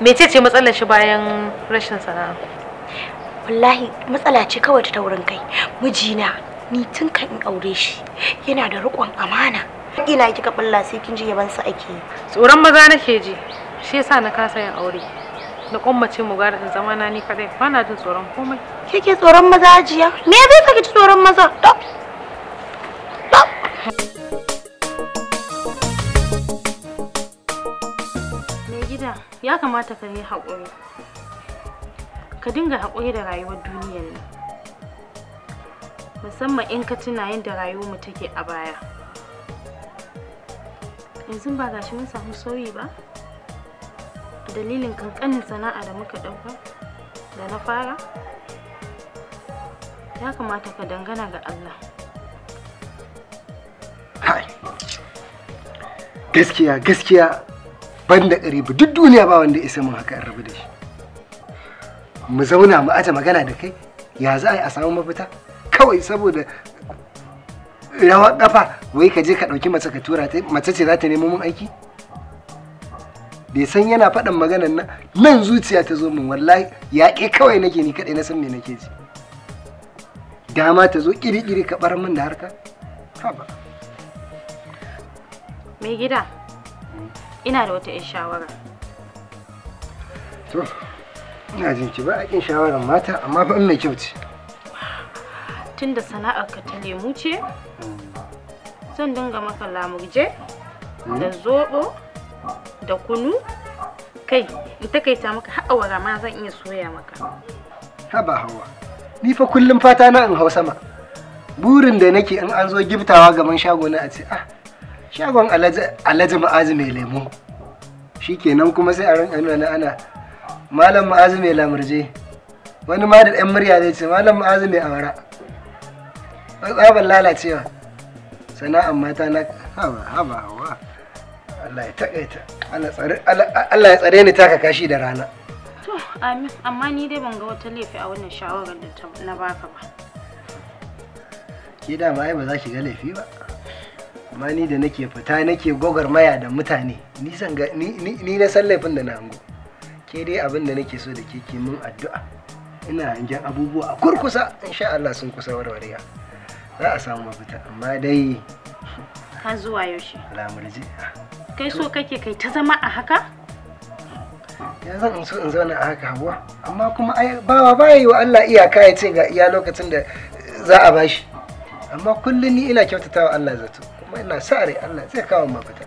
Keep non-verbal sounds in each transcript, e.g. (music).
mece ce matsalar shi bayan rashin sana'a wallahi matsala ce kawai ta taurin kai mijina ni tun kan in aure shi yana da riƙon amana ina kika balla sai kin ji yaban sa ake tsoron maza nake ji shi yasa na kasa yin aure na kummace mu gara in zama na ni kadai ba na jin tsoron komai ke tsoron maza ajiya me zai saki tsoron maza ya kamata ka yi haƙuri ka dinga haƙuri da rayuwar duniyar ne musamman in ka tuna yadda mu take a baya yanzu ba gashi mun samu sauyi ba a dalilin kankanin sana'a da muka ɗauka da na fara ya kamata ka dangana ga Allah gaskiya gaskiya ban da ba duk duniya ba wanda isa mun haka in rabu da shi mu zauna mu aje magana da kai ya za a yi a samu mafita kawai saboda rawa kafa wai ka je ka ɗauki mace ka tura ta mace ce za ta nemo mun aiki bai san yana faɗin maganar nan nan zuciya ta zo min wallahi yaƙe kawai nake ni kaɗai na san me nake ji dama ta zo ƙiri-ƙiri ka bar min da harka haba mai gida ina da wata 'yan shawara to ina jin ki ba a kin shawaran mata amma ban mai kyau ce tunda sana'ar ka ta lemu ce zan dinga maka lamurje hmm? da zobo da kunu kai in takaita maka ha'awara ma zan iya soya maka haba hawa ni fa kullum fata na in hausa ma burin da nake in an zo giftawa gaban shago na a ce ah shagon alhaji ma'azi mai lemo shi kenan kuma sai a ran nuna ana malam ma'azi mai lamurje wani ma da ɗan murya zai ce malam ma'azi mai awara tsaban lalacewa sana'an mata na haba haba hawa Allah ya takaita Allah ya tsare ni taka kashi da rana to amin amma ni dai ban ga wata laifi a wannan shawarar da na baka ba ke da ma ai ba za ki ga laifi ba amma ni da nake fita nake gwagwarmaya da mutane ni na san laifin da na hango ke dai abin da nake so da ke ke min addu'a ina hangen abubuwa a kurkusa sha Allah sun kusa warwarewa za a samu mafita amma dai ka (laughs) zuwa yaushe lamurji kai so kake kai ta zama a haka ya zan so in zauna a haka hawa amma kuma bawa baya yi wa Allah iyaka ya ce ga iya lokacin da za a bashi amma kullum ni ina kyautatawa Allah zato kuma ina sa rai Allah zai kawo mafita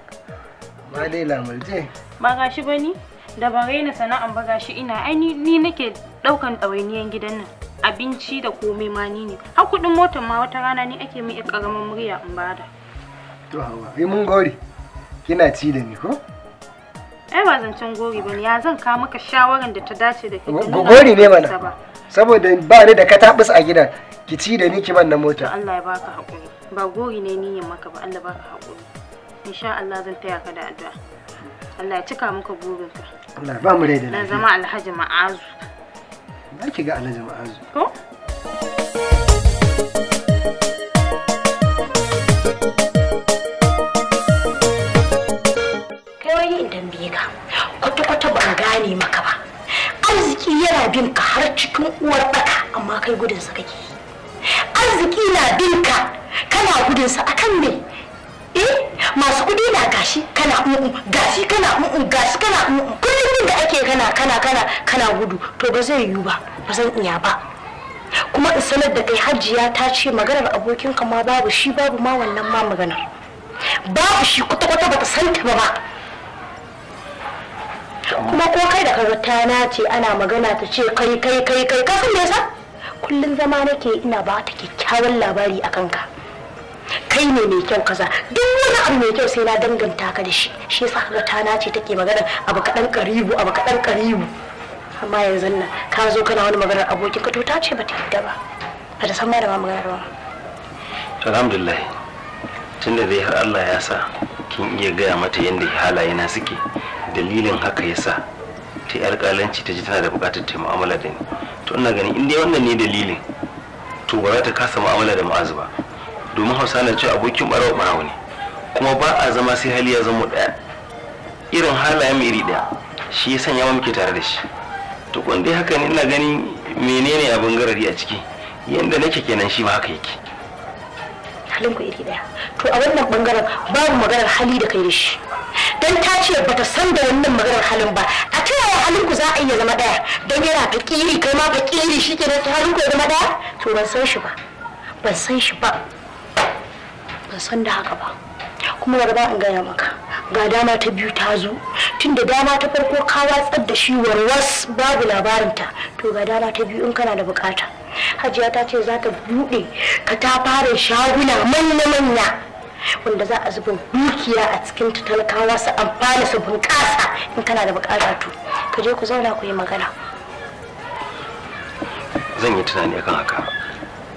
amma dai lamarje ba gashi bane da ba raina sana'an ba gashi ina ai ni nake ɗaukan ɗawainiyan gidan nan abinci da komai ma ni ne har kuɗin motar ma wata rana ni ake mai ƙaramin murya in bada to hawa ai mun gori kina ci da ni ko ai ba zancen gori ba bane ya zan ka maka shawaran da ta dace da kai gori ne mana saboda ba ni da katabus a gidan ki ci da ni ki ban na mota Allah ya baka hakuri ba gori ne ni yin maka ba Allah baka hakuri insha Allah zan taya ka da addu'a Allah ya cika maka burinka Allah ba mu rai da lafiya na zama Alhaji Ma'azu Ba ki ga Alhaji Ma'azu ko gane maka ba arziki yana bin ka har cikin uwar baka amma kai gudun sa kake yi arziki na dinka kana gudun sa akan me eh masu kudi na gashi kana mu gashi kana mu gashi kana mu kullum da ake kana kana kana kana gudu to ba zai yiwu ba ba zan iya ba kuma in sanar da kai hajiya ta ce maganar abokinka ma babu shi babu ma wannan ma maganar babu shi kwata-kwata bata san ta ba ba kuma ko kai da kaga ta ce ana magana ta ce kai kai kai kai kasan me yasa kullum zama nake ina ba ta kyakkyawan labari a kanka kai ne mai kyau kaza duk wani abu mai kyau sai na danganta ka da shi shi yasa kaga tana ce take magana abu kadan karibu abu kadan karibu amma yanzu nan ka zo kana wani maganar abokin ka to ta ce bata yadda ba ba ta san ma da ma maganar ba alhamdulillah tunda dai har Allah ya sa kin iya gaya mata yadda halaye na suke dalilin haka yasa ta yi alƙalanci ta ji tana da buƙatar ta mu'amala da ni to ina ganin in dai wannan ne dalilin to ba za ta kasa mu'amala da ma'azu ba domin hausa na ce abokin barawa barawa ne kuma ba a zama sai hali ya zama daya irin halayen mai iri ɗaya shi ya sanya ma muke tare da shi to kun dai haka ne ina ganin menene abin garari a ciki yanda nake kenan shi ma haka yake halin ku iri daya to a wannan bangaren babu maganar hali da kai da shi dan ta ce bata san da wannan maganar halin ba halinku za a iya zama daya don yana kiri kai ma fakiri shi ke ta halinku ku zama daya to ban san shi ba ban san shi ba ban san da haka ba kuma wani ba in gaya maka ga dama ta biyu ta zo tun da dama ta farko ka watsar da shi warwas babu labarin ta to ga dama ta biyu in kana da bukata hajiya ta ce za ta buɗe ka ta fara shaguna manya-manya wanda za a zuba dukiya a cikin talakawa su amfana su bunƙasa in kana da bukata to kaje je ku zauna ku yi magana zan yi tunani akan haka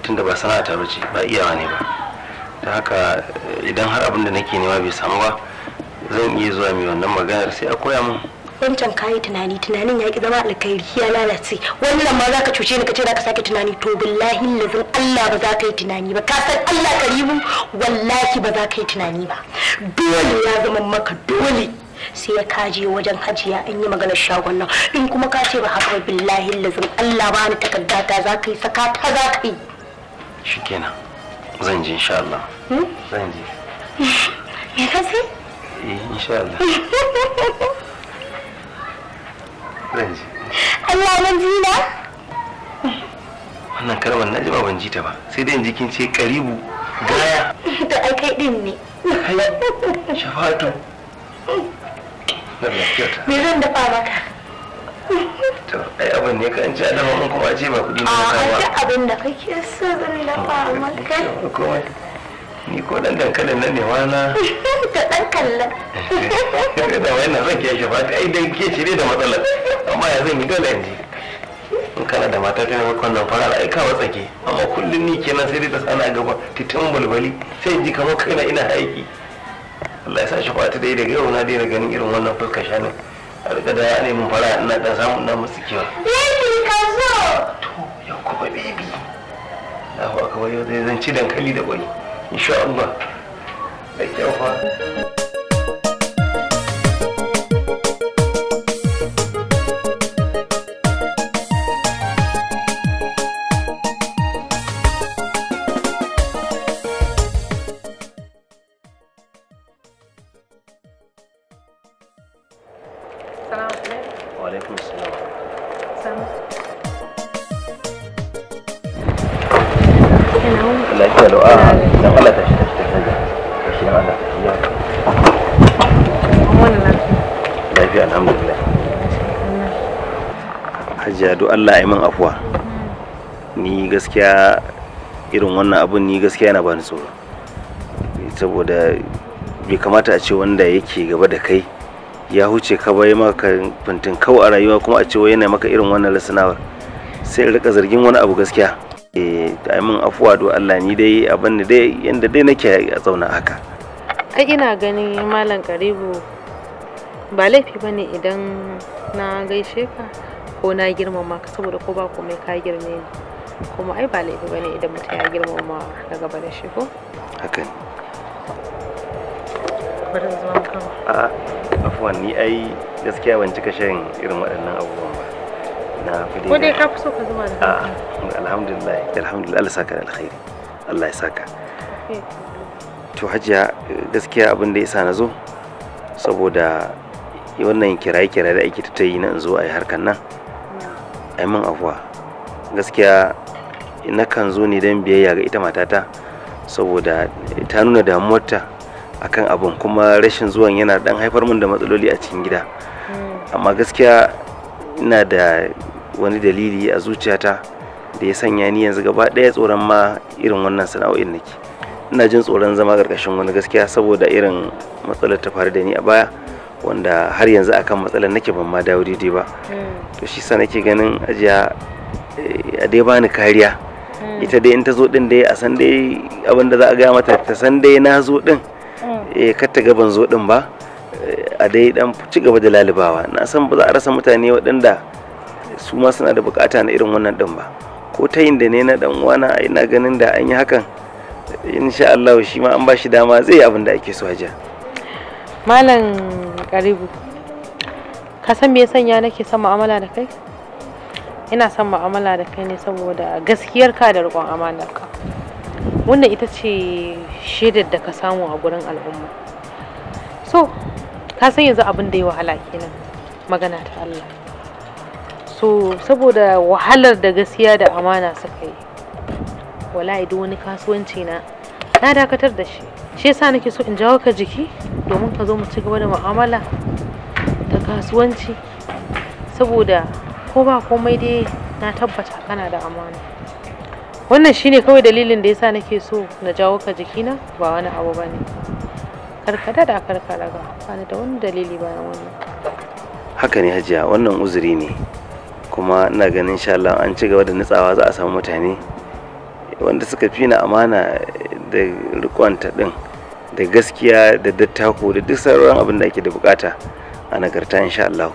tunda ba sana'a ta ce ba iyawa ne ba ta haka idan har abin da nake nema bai samu ba zan iya zuwa mai wannan maganar sai a koya mun wancan kayi tunani tunanin ya ki zama alkhairi ya lalace wannan ma zaka cuce ni kace zaka sake tunani to billahi lazin Allah ba za ka yi tunani ba ka san Allah karimu wallahi ba za ka yi tunani ba dole ya zama maka dole sai ya kaje wajen hajiya an yi maganar shagon nan in kuma ka ce ba haka ba billahi lazim Allah ba ni takarda ta za ka yi saka ta za ka yi shikenan zan je insha Allah hmm? zan je (laughs) ya ka eh insha Allah (laughs) zan je Allah mun ji na wannan kalmar na ji ba ban ji ta ba sai dai in ji kin ce karibu gaya da (laughs) ai kai din ne shafatu Me zan dafa maka? To, ai abin ne an ci a dafa mun kuma ce ba kuɗi na dafa ba. A abin da kake so zan dafa maka. Ni ko dan dankalin nan ne wana. (laughs) Da dan kallon. Da wannan zan kiyaye shi ba ai dan ke shi ne da matsalar. Amma ya zan yi dole in ji. in kana da mata kana maka wannan fara ai ka watsake amma kullum ni kenan sai dai ta tsana gaba titin bulbali sai ji kamar kaina ina aiki Allah ya sa shi fata dai daga yau na daina ganin irin wannan fuskar shanin a riga da ya nemi fara ina dan samun na musu kewa baby ka zo to yau kuma baby yau zai zan ci dankali da kwai insha Allah da kyau fa Allah ya min afuwa ni gaskiya irin wannan abun ni gaskiya yana bani tsoro saboda bai kamata a ce wanda yake gaba da kai ya huce ka bai maka fintin kawo a rayuwa kuma a ce wai yana maka irin wannan lasanawar sai rika zargin wani abu gaskiya da eh, ai min afuwa do Allah ni dai abin da dai yanda dai nake a zauna haka ai ina ganin malam Karibu ba laifi bane idan na gaishe ka ko na girmama ka saboda ko ba komai ka girme ni kuma ai ba laifi bane idan mutum ya girmama na gaba da shi ko haka ne bari zuwa kan a afwan ni ai gaskiya ban cika shan irin waɗannan abubuwan ba na fi dai ko dai ka fi so ka zuwa da a alhamdulillah alhamdulillah Allah saka alkhairi Allah ya saka to hajiya gaskiya abin da yasa na zo saboda wannan kirai-kirai da ake ta yi na in zo a yi harkar nan ai min afuwa gaskiya na kan zo ne don biyayya ga ita matata saboda ta nuna damuwarta akan abin kuma rashin zuwan yana dan haifar min da matsaloli a cikin gida amma gaskiya ina da wani dalili a zuciyata da ya sanya ni yanzu gaba ɗaya tsoron ma irin wannan sana'o'in nake ina jin tsoron zama ƙarƙashin wani gaskiya saboda irin matsalar ta faru da ni a baya wanda har yanzu akan matsalar nake ban ma dawo daidai ba hmm. to shi sa nake ganin ajiya eh, a dai bani kariya hmm. ita dai in ta zo din dai a san dai abin da za a gaya mata ta san dai na zo din hmm. eh kar ta ga ban zo din ba eh, a dai dan ci gaba da lalibawa na san ba za a rasa mutane waɗanda su ma suna da bukata na irin wannan din ba ko ta yin da ne na dan uwana ina ganin da an yi hakan insha Allah shi ma an ba shi dama zai abin da ake so a malam karibu ka san me ya sanya nake son mu'amala da kai ina son mu'amala da kai ne saboda gaskiyar ka da riƙon amanar ka wannan ita ce shaidar da ka samu a gurin al'umma so ka san yanzu abin da ya wahala kenan magana ta Allah so saboda wahalar da gaskiya da amana suka yi wallahi duk wani kasuwanci na na dakatar da shi shi yasa nake so in jawo ka jiki domin ka zo mu ci gaba da mu'amala ta kasuwanci saboda ko ba komai dai na tabbata kana da amana wannan shine kawai dalilin da yasa nake so na jawo ka jikina ba wani abu ba ne. karkada da karkaraga ba ni da wani dalili bayan wannan haka ne hajiya wannan uzuri ne kuma ina ganin insha an ci gaba da nutsawa za a samu mutane wanda suka fi na amana da rikonta din da gaskiya da dattako da duk sauran abin da ake da bukata a nagarta insha Allah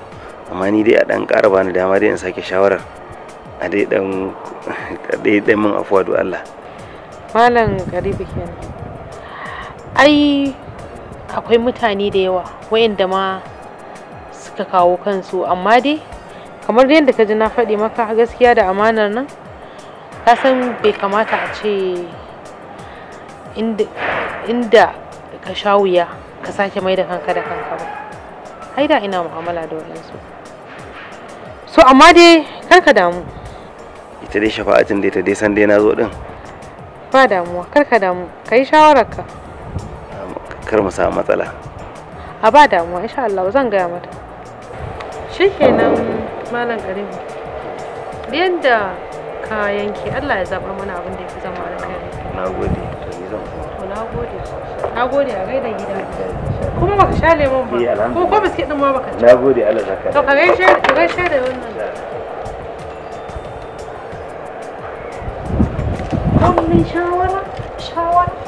amma ni dai a dan ƙara bani dama dai in sake shawarar a dai dan dai dai min afuwa do Allah malam kenan ai akwai mutane da yawa wayanda ma suka kawo kansu amma dai kamar yadda ka ji na faɗi maka gaskiya da amanar nan ka san bai kamata a ce inda ka sha wuya ka sake mai da kanka da kanka ba ai da ina mu'amala da waɗansu so amma dai karka damu ita dai shafa'atin da ta dai san dai na zo din ba damuwa karka damu ka yi shawararka kar mu samu matsala a ba damuwa insha Allah zan gaya mata Shi kenan malam karimu da yadda ka yanke Allah ya zaba mana abin da ya fi zama alkhairi gode na gode kuma baka sha lemon ba eh, ko biskit din ma baka ci na ka gaishe ka gaishe da wannan kan shawara shawara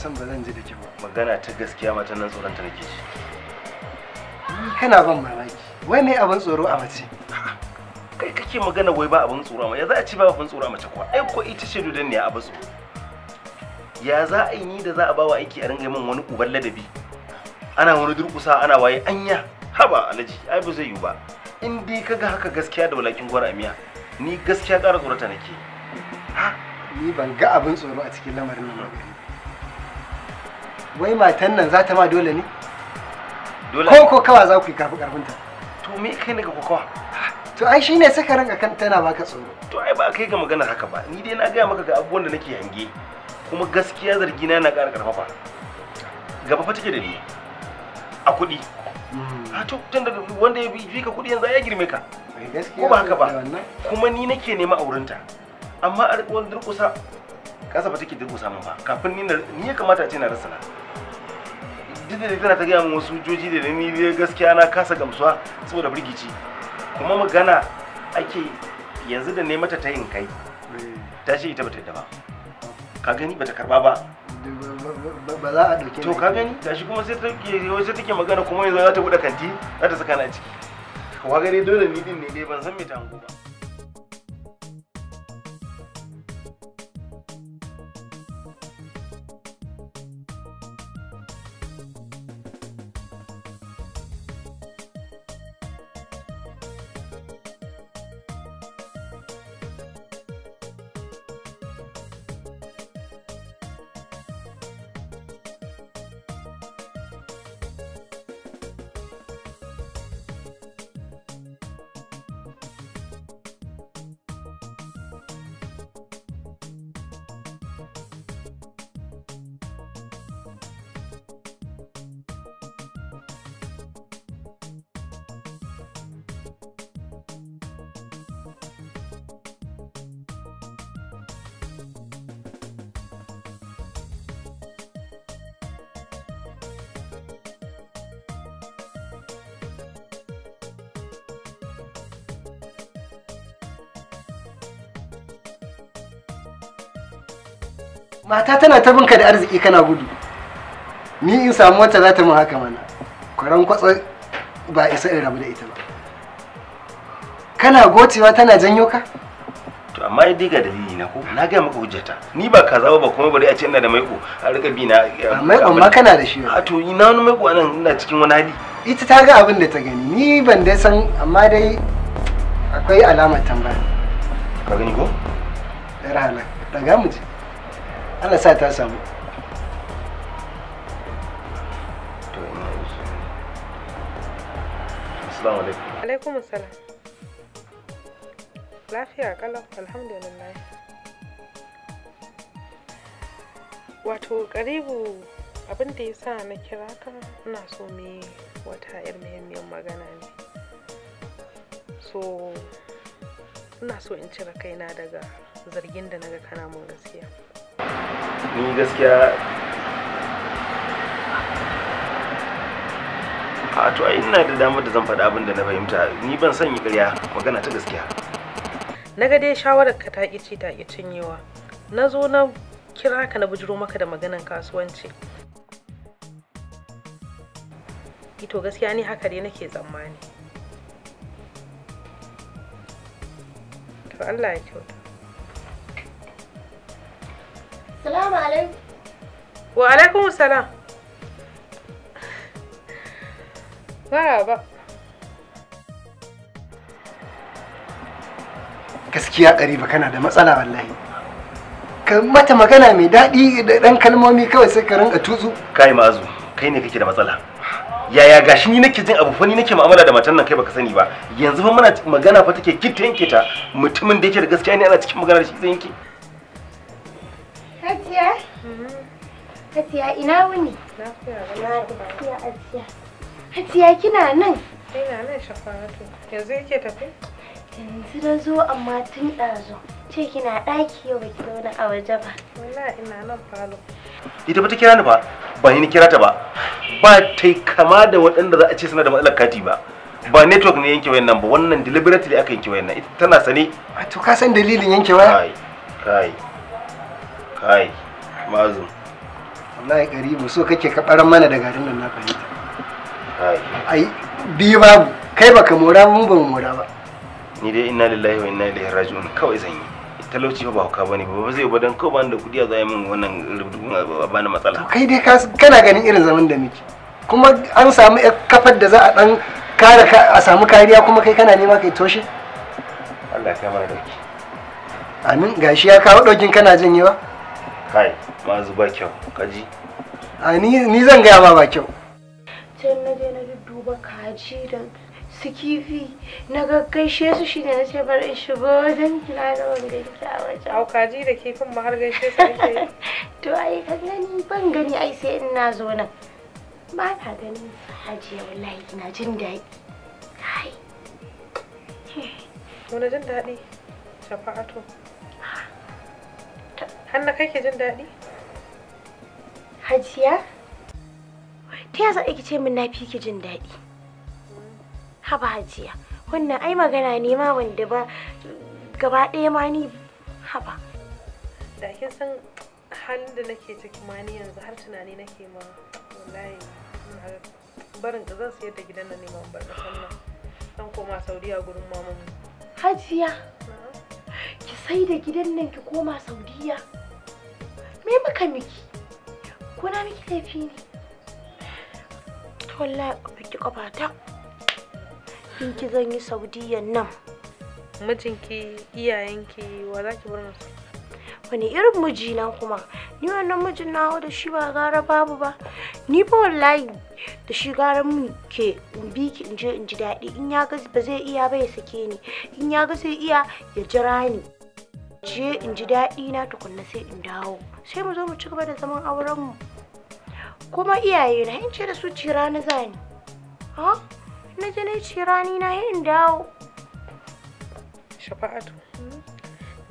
san ba zan ji da ki ba magana ta gaskiya mata nan tsoron ta nake ji kana ban mamaki wai me abin tsoro a mace kai kake magana wai ba abin tsoro a mace ya za a ci ba abin tsoro a mace kuwa ai ko ita ce dudan ne a abin tsoro ya za a yi ni da za a bawa aiki a ringa min wani uban ladabi ana wani durkusa ana waye anya haba alaji ai ba zai yiwu ba in dai kaga haka gaskiya da walakin gwara amiya ni gaskiya ƙara tsorata nake ha ni ban ga abin tsoro a cikin lamarin nan ba wai matan nan za ta ma dole ne dole ko kawa za ku yi kafi karfinta to me kai ne ga kokawa to ai shine saka ranka kan tana baka tsoro to ai ba kai ga magana haka ba ni dai na gaya maka ga abubuwan da nake hange kuma gaskiya zargi na na ƙara karfafa gaba fa take da ni a kuɗi mm. a ah, to tun da wanda ya bi ka kuɗi yanzu ya girme ka ko ba haka ba kuma ni nake nema aurenta. amma a wani durƙusa kasa ba take durgusa samun ba kafin ni ni ya kamata ce na rasa na duk da tana ta gaya min wasu joji da ni dai gaskiya na kasa gamsuwa saboda birgici kuma magana ake yanzu da ne mata ta yin kai ta ce ita bata yadda ba ka gani bata karba ba ba za a dauke to ka gani shi kuma sai take sai take magana kuma yanzu za ta buɗe kanti za ta saka ni a ciki wa gani dole ni din ne dai ban san me ta hango ba mata tana ta binka da arziki kana gudu ni in samu wata za ta min haka mana kwaran kwatsa ba isa in rabu da ita ba kana gocewa tana janyo ka to amma ya ga dalili na ko na ga maka hujjata ni ba kaza ba kuma bari a ce ina da maiko a rika bi na eh, amma amma kana da shi a to ina wani maiko anan ina cikin wani hali ita ta ga abin da ta gani ni ban dai san amma dai akwai alamar tambaya ka gani ko yar halak daga mu je ana sa ta samu to ina assalamu alaikum alaikum assalam lafiya kalau alhamdulillah wato karibu abin da ya sa na kira ka ina so me wata yar muhimmiyar magana ne so ina so in cire kaina daga zargin da naga kana mun gaskiya ni gaskiya a to ina da damar da zan faɗa abin da na fahimta ni ban son yi ƙarya magana ta gaskiya na ga dai shawarar ka ta ƙici ta ƙi cinyewa na zo na kira ka na bujiro maka da maganan kasuwanci ito gaskiya ni haka dai nake tsammani to Allah ya kyauta Salamu alaikum. Wa alaikum salam. Gaskiya ƙariba kana da matsala wallahi. Ka mata magana mai daɗi da ɗan kalmomi kawai sai ka rinka tutsu. Kai ma'azu, kai ne kake da matsala. Yaya gashi ni nake jin abu fa ni nake mu'amala da matan nan kai baka sani ba. Yanzu fa muna magana fa take kitta yanke ta mutumin da yake da gaskiya ne ana cikin magana da shi zai yanke. Hajiya? Mm-hmm. Hajiya ina wuni? Lafiya Hajiya. Hajiya kina nan? Ina nan Shafa'atu. Yanzu yake tafi? Yanzu na zo amma tun ɗazu. Ce kina ɗaki yau baki zauna a waje ba. Wala ina nan falo. Ita ba ta kira ni ba, ba ni kira ta ba. Ba ta kama da waɗanda za a ce suna da matsalar kati ba. ba network ne yanke nan ba wannan deliberately aka yanke wayan nan ita tana sane to ka san dalilin yanke waya kai kai kai mazum wallahi mu so kake ka barar mana da garin nan na fahimta kai ai bi babu kai baka mora mun ban mora ba ni dai inna lillahi wa inna ilaihi raji'un kawai zan yi talauci ba hauka bane ba zai ba dan kawai ban da kudi a zai min wannan rubutun a bani matsala kai dai ka kana ganin irin zaman da muke kuma an samu kafar da za a dan kare a samu kariya kuma kai kana nema kai toshe Allah ya kai mana dauki amin gashi ya kawo daukin kana jin kai ma ba kyau kaji a ni zan gaya ma ba kyau can na je na duba kaji da su kifi na gaggaishe su shi ne na ce bar in shigo wajen kila da wanda yake a wajen au kaji da kifin ma har gaishe su ake (laughs) to ai ka gani ban gani ai sai in na zo nan ba na ganin hajiya wallahi ina jin daɗi kai wani jin daɗi shafa'atu Hanna kai ke jin daɗi hajiya ta yasa ake ce min na fi ki jin daɗi haba hajiya wannan ai magana ne ma wanda ba gaba ɗaya ma ni haba da kin san halin da nake ciki ma ni yanzu har tunani nake ma wallahi barin ka zan sayar da gidan nan neman bar sannan nan zan koma saudiya gurin mamanmu hajiya ki sai da gidan nan ki koma saudiya me muka miki ko na miki laifi ne to wallahi ki kafata in ki zan yi saudiyan nan mijinki iyayenki wa za ki bar musu wani irin mijina kuma ni wannan mijin na da shi ba gara babu ba ni fa wallahi da shi gara mun ke in bi ki in je in ji daɗi in ya ga ba zai iya ba ya sake ni in ya ga zai iya ya jira ni je in ji daɗi na tukunna sai in dawo sai mu zo mu ci gaba da zaman aurenmu kuma iyaye na in ce da su cira na zani ha na je na cira ni na in dawo shafa'atu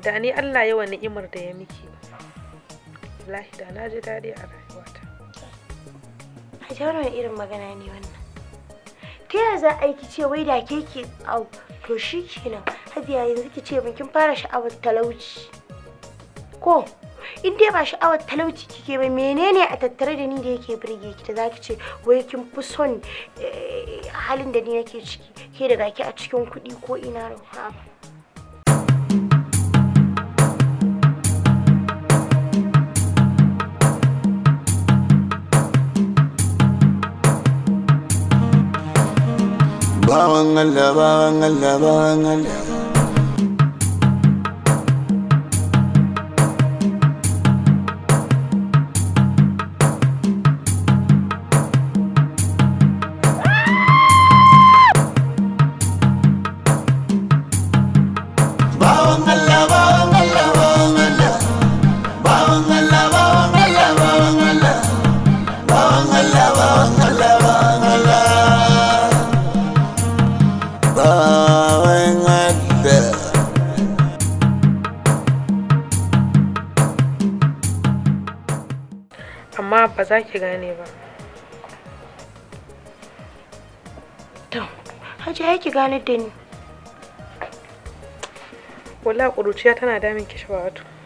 da ni Allah yawa ni'imar da ya miki wallahi da na ji daɗi a rayuwata a wani irin magana ne wannan ta yaya za a yi ki ce wai da ke ke au to shi kenan Hajiya yanzu ki ce min kin fara sha'awar talauci. Ko in dai ba sha'awar talauci kike ba menene a tattare da ni da yake birge ki da zaki ce wai kin fi son eh, halin da ni yake ciki ke daga ki a cikin kuɗi ko ina rauha. Bawang Allah, bawang Allah, bawang Allah. za ki gane ba to hajiya ki gane da ni wala ƙuruciya tana damin ki shawatu